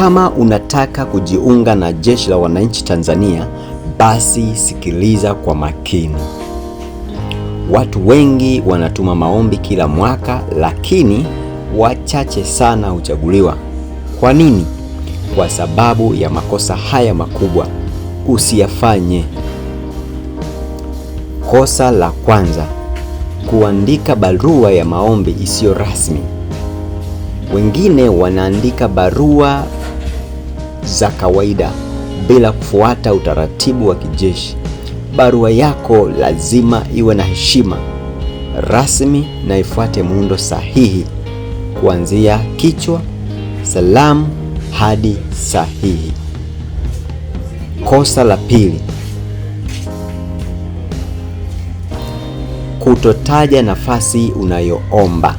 Kama unataka kujiunga na Jeshi la Wananchi Tanzania, basi sikiliza kwa makini. Watu wengi wanatuma maombi kila mwaka, lakini wachache sana huchaguliwa. Kwa nini? Kwa sababu ya makosa haya makubwa. Usiyafanye. Kosa la kwanza, kuandika barua ya maombi isiyo rasmi. Wengine wanaandika barua za kawaida bila kufuata utaratibu wa kijeshi. Barua yako lazima iwe na heshima rasmi na ifuate muundo sahihi, kuanzia kichwa, salamu hadi sahihi. Kosa la pili, kutotaja nafasi unayoomba.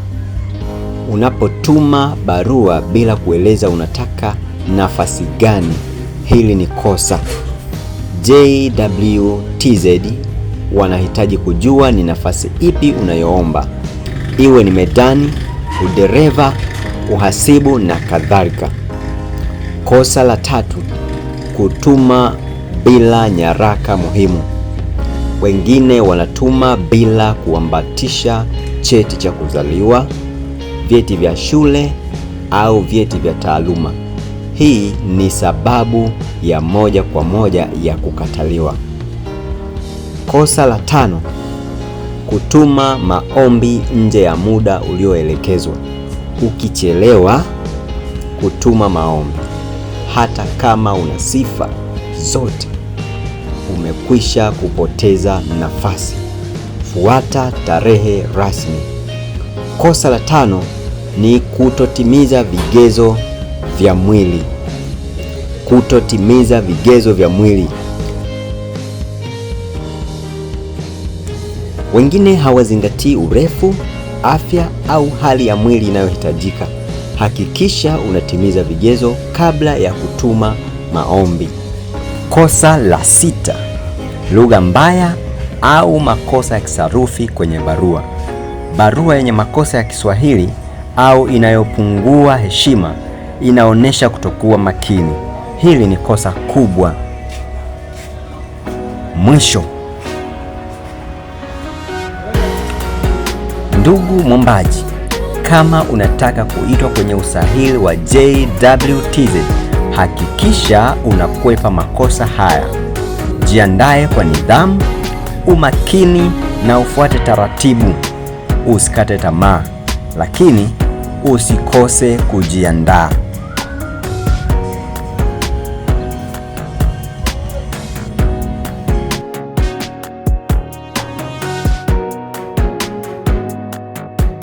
Unapotuma barua bila kueleza unataka nafasi gani? Hili ni kosa. JWTZ wanahitaji kujua ni nafasi ipi unayoomba, iwe ni medani, udereva, uhasibu na kadhalika. Kosa la tatu, kutuma bila nyaraka muhimu. Wengine wanatuma bila kuambatisha cheti cha kuzaliwa, vyeti vya shule au vyeti vya taaluma. Hii ni sababu ya moja kwa moja ya kukataliwa. Kosa la tano, kutuma maombi nje ya muda ulioelekezwa. Ukichelewa kutuma maombi, hata kama una sifa zote, umekwisha kupoteza nafasi. Fuata tarehe rasmi. Kosa la tano ni kutotimiza vigezo vya mwili, kutotimiza vigezo vya mwili. Wengine hawazingatii urefu, afya au hali ya mwili inayohitajika. Hakikisha unatimiza vigezo kabla ya kutuma maombi. Kosa la sita: lugha mbaya au makosa ya kisarufi kwenye barua. Barua yenye makosa ya Kiswahili au inayopungua heshima inaonyesha kutokuwa makini. Hili ni kosa kubwa. Mwisho, ndugu mwombaji, kama unataka kuitwa kwenye usahili wa JWTZ, hakikisha unakwepa makosa haya. Jiandae kwa nidhamu, umakini na ufuate taratibu. Usikate tamaa, lakini usikose kujiandaa.